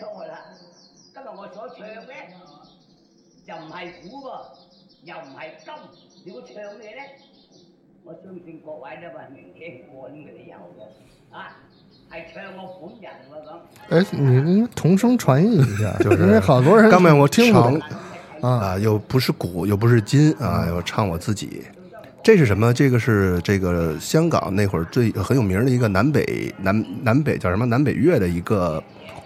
錯啦！今日我所唱呢，又唔係鼓喎，又唔係金，你要唱咩呢？我相信各位都聞聽過呢啲嘢，啊，係唱我本人喎咁。哎，你你同聲傳譯一下，就是。因為好多人。剛面我聽不懂。啊，又不是鼓，又不是金，啊，又唱我自己。這是什麼？這個是這個香港那會兒最很有名的一個南北南南北叫什麼南北粵嘅一個。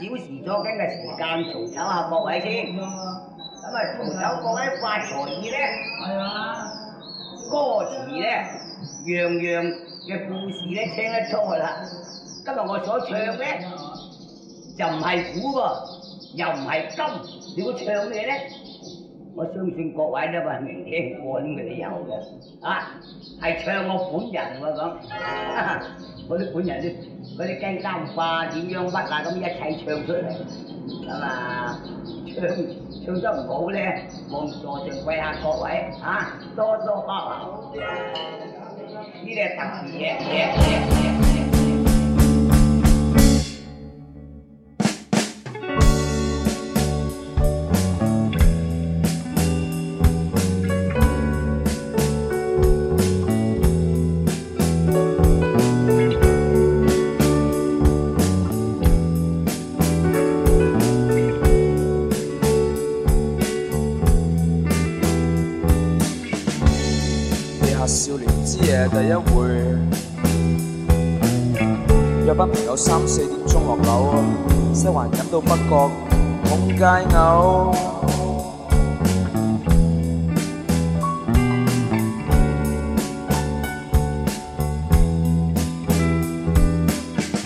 少時作緊嘅時間，重手下各位先。咁啊，重手各位發財意咧。係啊。歌詞咧，樣樣嘅故事咧，聽得多啦。今日我所唱咧，就唔係苦喎，又唔係金。你要唱咩咧？我相信各位咧，唔係未聽過呢個理由嘅。啊，係唱我本人嚟講，我啲本人啲，嗰啲京三化點樣屈啊，咁一齊唱出嚟，咁啊，唱唱得唔好咧，望座仲貴下各位吓，啊，多多包涵，呢啲係特別嘢嘢。三四點鐘落樓，西環飲到北角，痛街嘔，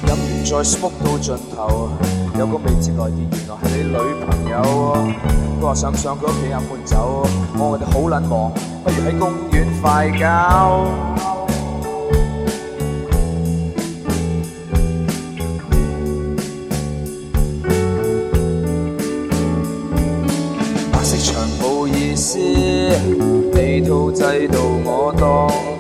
飲完再 smoke 到盡頭，有個未接來電，原來係你女朋友，佢話想上佢屋企飲半酒，我話我哋好冷漠，不如喺公園快交。